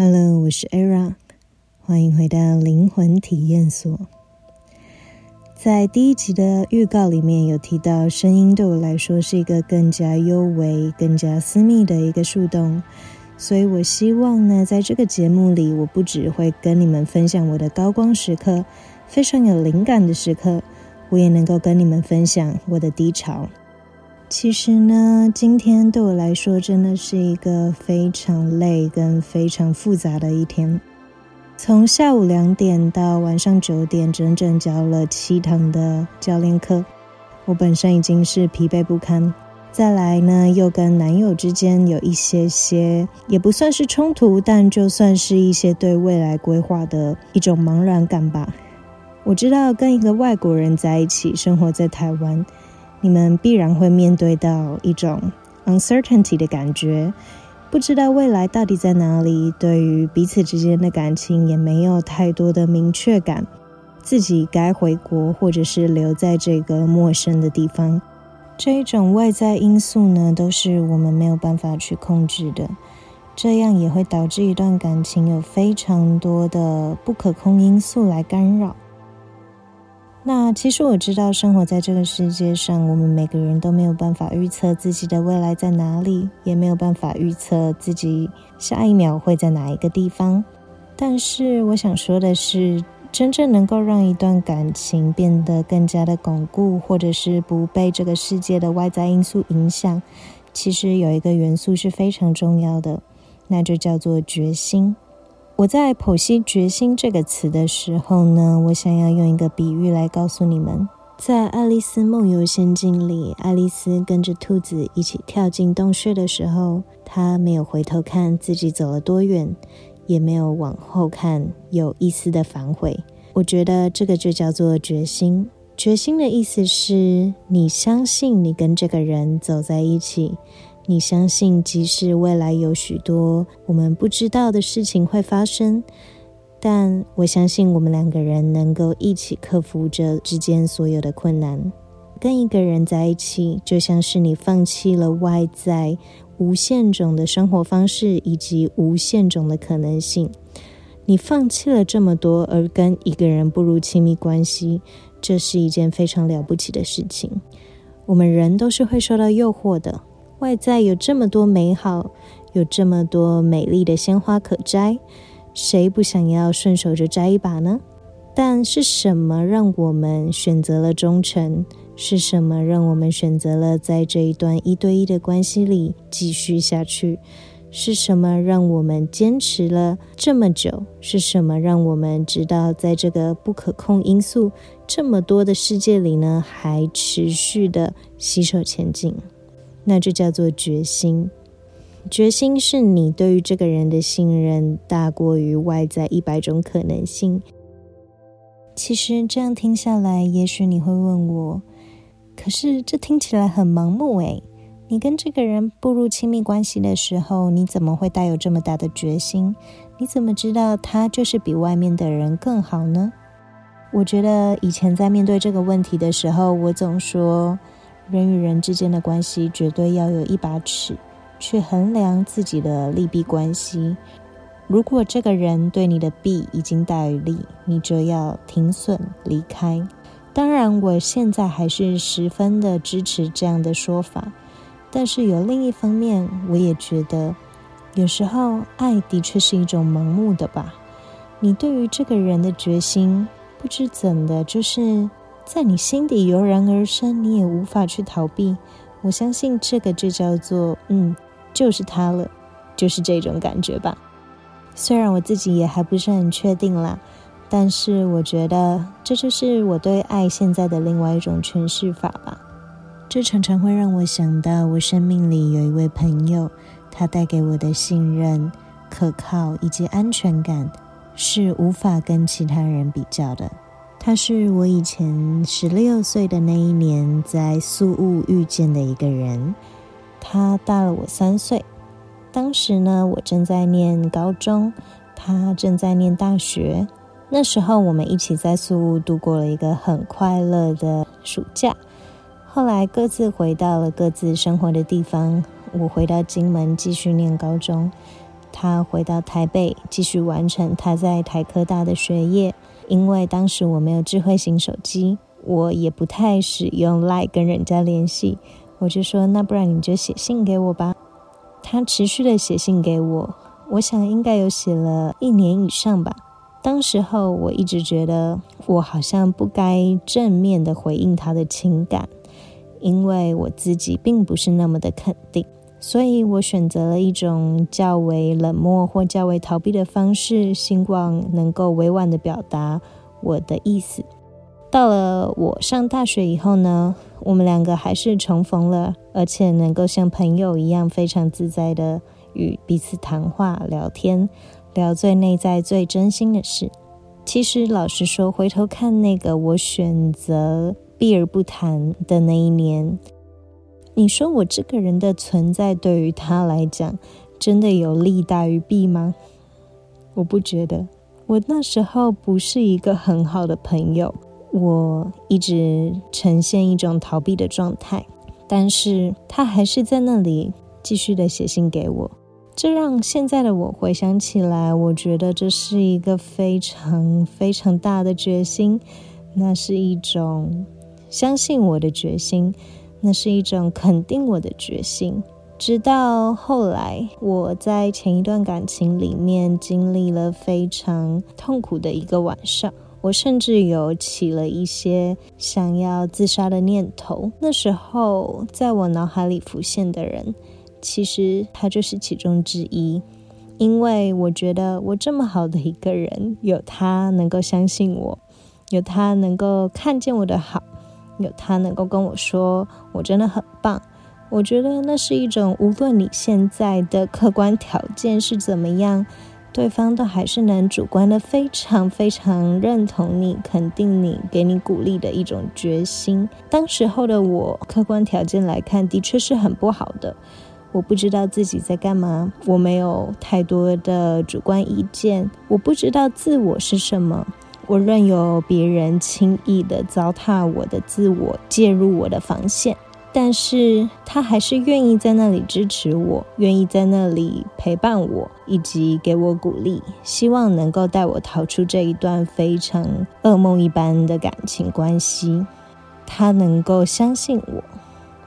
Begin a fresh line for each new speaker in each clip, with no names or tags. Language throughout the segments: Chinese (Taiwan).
Hello，我是 ERA，歡迎回到靈魂體驗所。在第一集的預告裡面有提到，聲音對我來說是一個更加幽微、更加私密的一個樹洞，所以我希望呢，在這個節目裡，我不只會跟你們分享我的高光時刻，非常有靈感的時刻，我也能夠跟你們分享我的低潮。其實呢，今天對我來說真的是一個非常累跟非常複雜的一天。從下午兩點到晚上九點，整整教了七堂的教練課。我本身已經是疲憊不堪。再來呢，又跟男友之間有一些些，也不算是衝突，但就算是一些對未來規劃的一種茫然感吧。我知道跟一個外國人在一起，生活在台灣。你們必然會面對到一種 uncertainty 的感覺，不知道未來到底在哪裡，對於彼此之間的感情也沒有太多的明確感，自己該回國或者是留在這個陌生的地方，這一種外在因素呢，都是我們沒有辦法去控制的，這樣也會導致一段感情有非常多的不可控因素來干擾。那其實我知道，生活在這個世界上，我們每個人都沒有辦法預測自己的未來在哪裡，也沒有辦法預測自己下一秒會在哪一個地方。但是我想說的是，真正能夠讓一段感情變得更加的鞏固，或者是不被這個世界的外在因素影響，其實有一個元素是非常重要的，那就叫做決心。我在剖析“決心”這個詞的時候呢，我想要用一個比喻來告訴你們：在《愛麗絲夢遊仙境》裡，愛麗絲跟着兔子一起跳進洞穴的時候，她沒有回頭看自己走了多遠，也沒有往後看，有一絲的反悔。我覺得這個就叫做決心。決心的意思是你相信你跟這個人走在一起。你相信，即使未來有許多我們不知道的事情會發生，但我相信我們兩個人能夠一起克服這之間所有的困難。跟一個人在一起，就像是你放棄了外在無限種的生活方式以及無限種的可能性。你放棄了這麼多，而跟一個人步入親密關係，這是一件非常了不起的事情。我們人都是會受到誘惑的。外在有這麼多美好，有這麼多美麗的鮮花可摘，誰不想要順手就摘一把呢？但是什麼讓我們選擇了忠誠？是什麼讓我們選擇了在這一段一對一的關係裡繼續下去？是什麼讓我們堅持了這麼久？是什麼讓我們直到在這個不可控因素這麼多的世界裡呢，還持續的攜手前進？那就叫做決心。決心是你對於這個人的信任大過於外在一百種可能性。其實這樣聽下來，也許你會問我：「可是這聽起來很盲目誒？」你跟這個人步入親密關係的時候，你怎麼會帶有這麼大的決心？你怎麼知道他就是比外面的人更好呢？我覺得以前在面對這個問題的時候，我總說。人與人之間的關係絕對要有一把尺，去衡量自己的利弊關係。如果這個人對你的弊已經大於利，你就要停損離開。當然，我現在還是十分的支持這樣的說法，但是有另一方面，我也覺得有時候愛的確是一種盲目的吧。你對於這個人的決心，不知怎的，就是。在你心底油然而生，你也無法去逃避。我相信這個就叫做，嗯，就是他了，就是這種感覺吧。雖然我自己也還不是很確定啦，但是我覺得這就是我對愛現在的另外一種詮釋法吧。這常常會讓我想到我生命裡有一位朋友，他帶給我的信任、可靠以及安全感，是無法跟其他人比較的。他是我以前十六歲的那一年在宿務遇見的一個人，他大了我三歲。當時呢，我正在念高中，他正在念大學。那時候我們一起在宿務度過了一個很快樂的暑假。後來各自回到了各自生活的地方，我回到金門繼續念高中，他回到台北繼續完成他在台科大的學業。因為當時我沒有智慧型手機，我也不太使用 Line 跟人家聯繫，我就說，那不然你就寫信給我吧。他持續的寫信給我，我想應該有寫了一年以上吧。當時候我一直覺得我好像不該正面的回應他的情感，因為我自己並不是那麼的肯定。所以我選擇了一種較為冷漠或較為逃避的方式，希望能夠委婉地表達我的意思。到了我上大學以後呢，我們兩個還是重逢了，而且能夠像朋友一樣非常自在地與彼此談話、聊天，聊最內在、最真心的事。其實，老實說，回頭看那個我選擇避而不談的那一年。你說我這個人的存在對於他來講，真的有利大於弊嗎？我不覺得。我那時候不是一個很好的朋友，我一直呈現一種逃避的狀態。但是他還是在那裡繼續地寫信給我，這讓現在的我回想起來，我覺得這是一個非常非常大的決心，那是一種相信我的決心。那是一種肯定我的決心。直到後來，我在前一段感情裡面經歷了非常痛苦的一個晚上，我甚至有起了一些想要自殺的念頭。那時候，在我腦海裡浮現的人，其實他就是其中之一，因為我覺得我這麼好的一個人，有他能夠相信我，有他能夠看見我的好。有他能夠跟我說，我真的很棒。我覺得那是一種無論你現在的客觀條件是怎麼樣，對方都還是能主觀的非常非常認同你、肯定你、給你鼓勵的一種決心。當時候的我，客觀條件來看的確是很不好的。我不知道自己在干嘛，我沒有太多的主觀意見，我不知道自我是什麼。我任由別人輕易地糟蹋我的自我，介入我的防線，但是他還是願意在那裡支持我，願意在那裡陪伴我，以及給我鼓勵，希望能夠帶我逃出這一段非常噩夢一般的感情關係。他能夠相信我，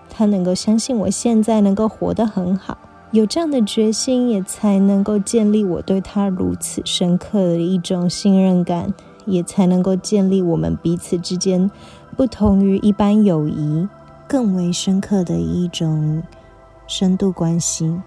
他能夠相信我現在能夠活得很好，有這樣的決心，也才能夠建立我對他如此深刻的一種信任感。也才能夠建立我們彼此之間不同於一般友誼，更為深刻的一種深度關係。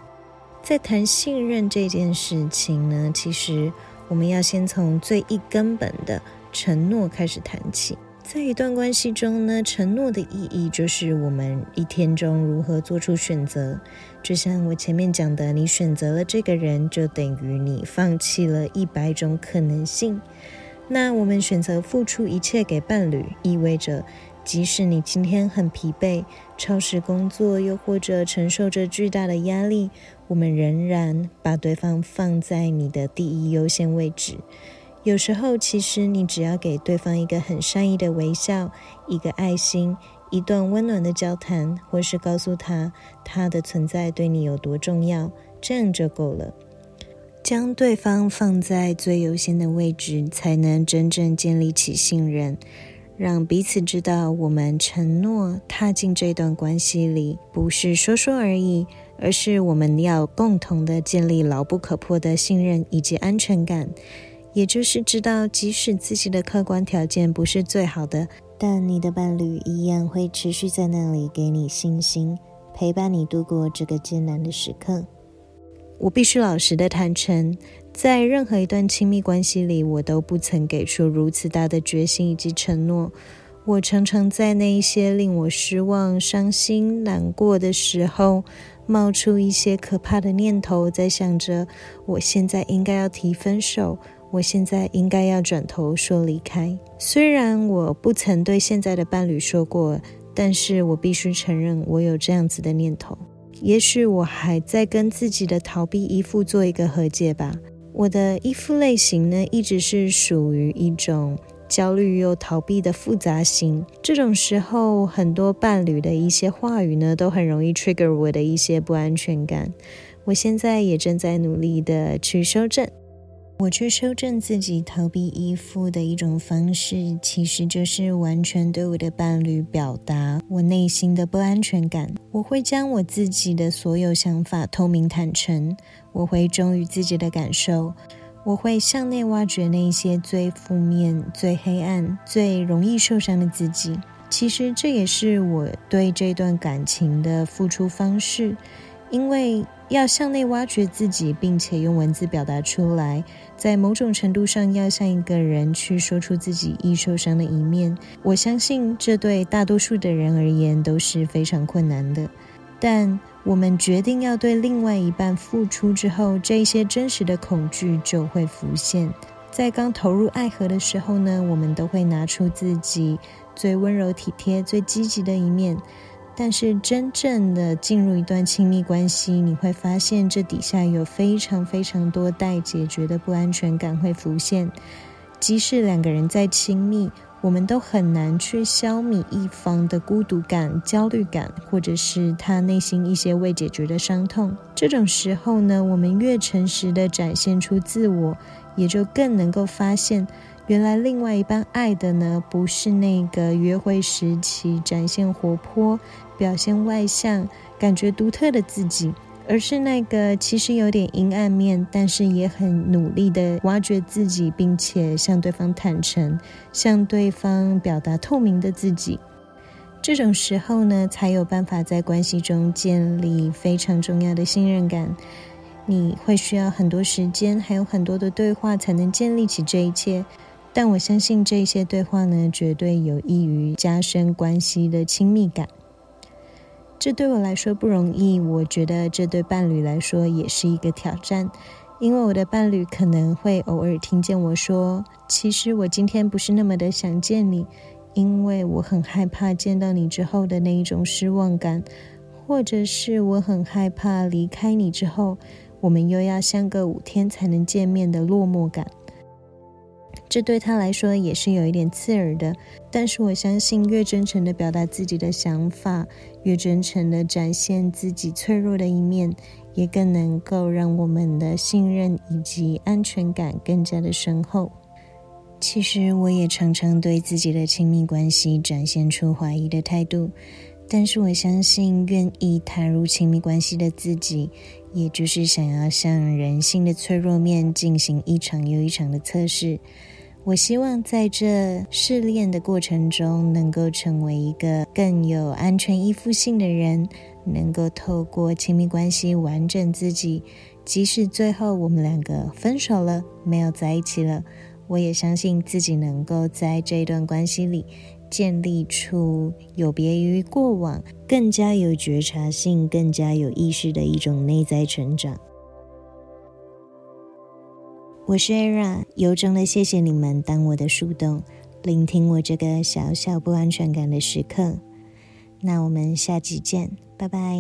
在談信任這件事情呢，其實我們要先從最最根本的承諾開始談起。在一段關係中呢，承諾的意義就是我們一天中如何做出選擇。就像我前面講的，你選擇了這個人，就等於你放棄了一百種可能性。那我們選擇付出一切給伴侶，意味着，即使你今天很疲憊、超時工作，又或者承受着巨大的壓力，我們仍然把對方放在你的第一優先位置。有時候，其實你只要給對方一個很善意的微笑、一個愛心、一段溫暖的交談，或是告訴他他的存在對你有多重要，這樣就夠了。將對方放在最優先的位置，才能真正建立起信任，讓彼此知道我們承諾踏進這段關係裡，不是說說而已，而是我們要共同的建立牢不可破的信任以及安全感。也就是知道，即使自己的客觀條件不是最好的，但你的伴侶一樣會持續在那裡給你信心，陪伴你度過這個艱難的時刻。我必須老實的坦誠，在任何一段親密關係裡，我都不曾給出如此大的決心以及承諾。我常常在那一些令我失望、傷心、難過的時候，冒出一些可怕的念頭，在想着我現在應該要提分手，我現在應該要轉頭說離開。雖然我不曾對現在的伴侶說過，但是我必須承認我有這樣子的念頭。也許我還在跟自己的逃避依附做一個和解吧。我的依附類型呢，一直是屬於一種焦慮又逃避的複雜型。這種時候，很多伴侶的一些話語呢，都很容易 trigger 我的一些不安全感。我現在也正在努力的去修正。我去修正自己逃避依附的一種方式，其實就是完全對我的伴侶表達我內心的不安全感。我會將我自己的所有想法透明坦誠，我會忠於自己的感受，我會向內挖掘那些最負面、最黑暗、最容易受傷的自己。其實這也是我對這段感情的付出方式，因為要向內挖掘自己，並且用文字表達出來。在某種程度上，要向一個人去說出自己易受傷的一面，我相信這對大多數的人而言都是非常困難的。但我們決定要對另外一半付出之後，這一些真實的恐懼就會浮現。在剛投入愛河的時候呢，我們都會拿出自己最溫柔、體貼、最積極的一面。但是，真正的進入一段親密關係，你會發現這底下有非常非常多待解決的不安全感會浮現。即使兩個人再親密，我們都很難去消弭一方的孤獨感、焦慮感，或者是他內心一些未解決的傷痛。這種時候呢，我們越誠實地展現出自我，也就更能夠發現。原來另外一半愛的呢，不是那個約會時期展現活潑、表現外向、感覺獨特的自己，而是那個其實有點陰暗面，但是也很努力地挖掘自己，並且向對方坦誠、向對方表達透明的自己。這種時候呢，才有辦法在關係中建立非常重要的信任感。你會需要很多時間，還有很多的對話，才能建立起這一切。但我相信這些對話呢，絕對有益於加深關係的親密感。這對我來說不容易，我覺得這對伴侶來說也是一個挑戰，因為我的伴侶可能會偶爾聽見我說：“其實我今天不是那麼的想見你，因為我很害怕見到你之後的那一種失望感，或者是我很害怕離開你之後，我們又要相隔五天才能見面的落寞感。”這對他來說也是有一點刺耳的，但是我相信，越真誠地表達自己的想法，越真誠地展現自己脆弱的一面，也更能夠讓我們的信任以及安全感更加的深厚。其實，我也常常對自己的親密關係展現出懷疑的態度，但是我相信，願意踏入親密關係的自己，也就是想要向人性的脆弱面進行一場又一場的測試。我希望在這試煉的過程中，能夠成為一個更有安全依附性的人，能夠透過親密關係完整自己。即使最後我們兩個分手了，沒有在一起了，我也相信自己能夠在這一段關係裡建立出有別於過往、更加有覺察性、更加有意識的一種內在成長。我是 Era，由衷的謝謝你們當我的樹洞，聆聽我這個小小不安全感的時刻。那我們下集見，拜拜。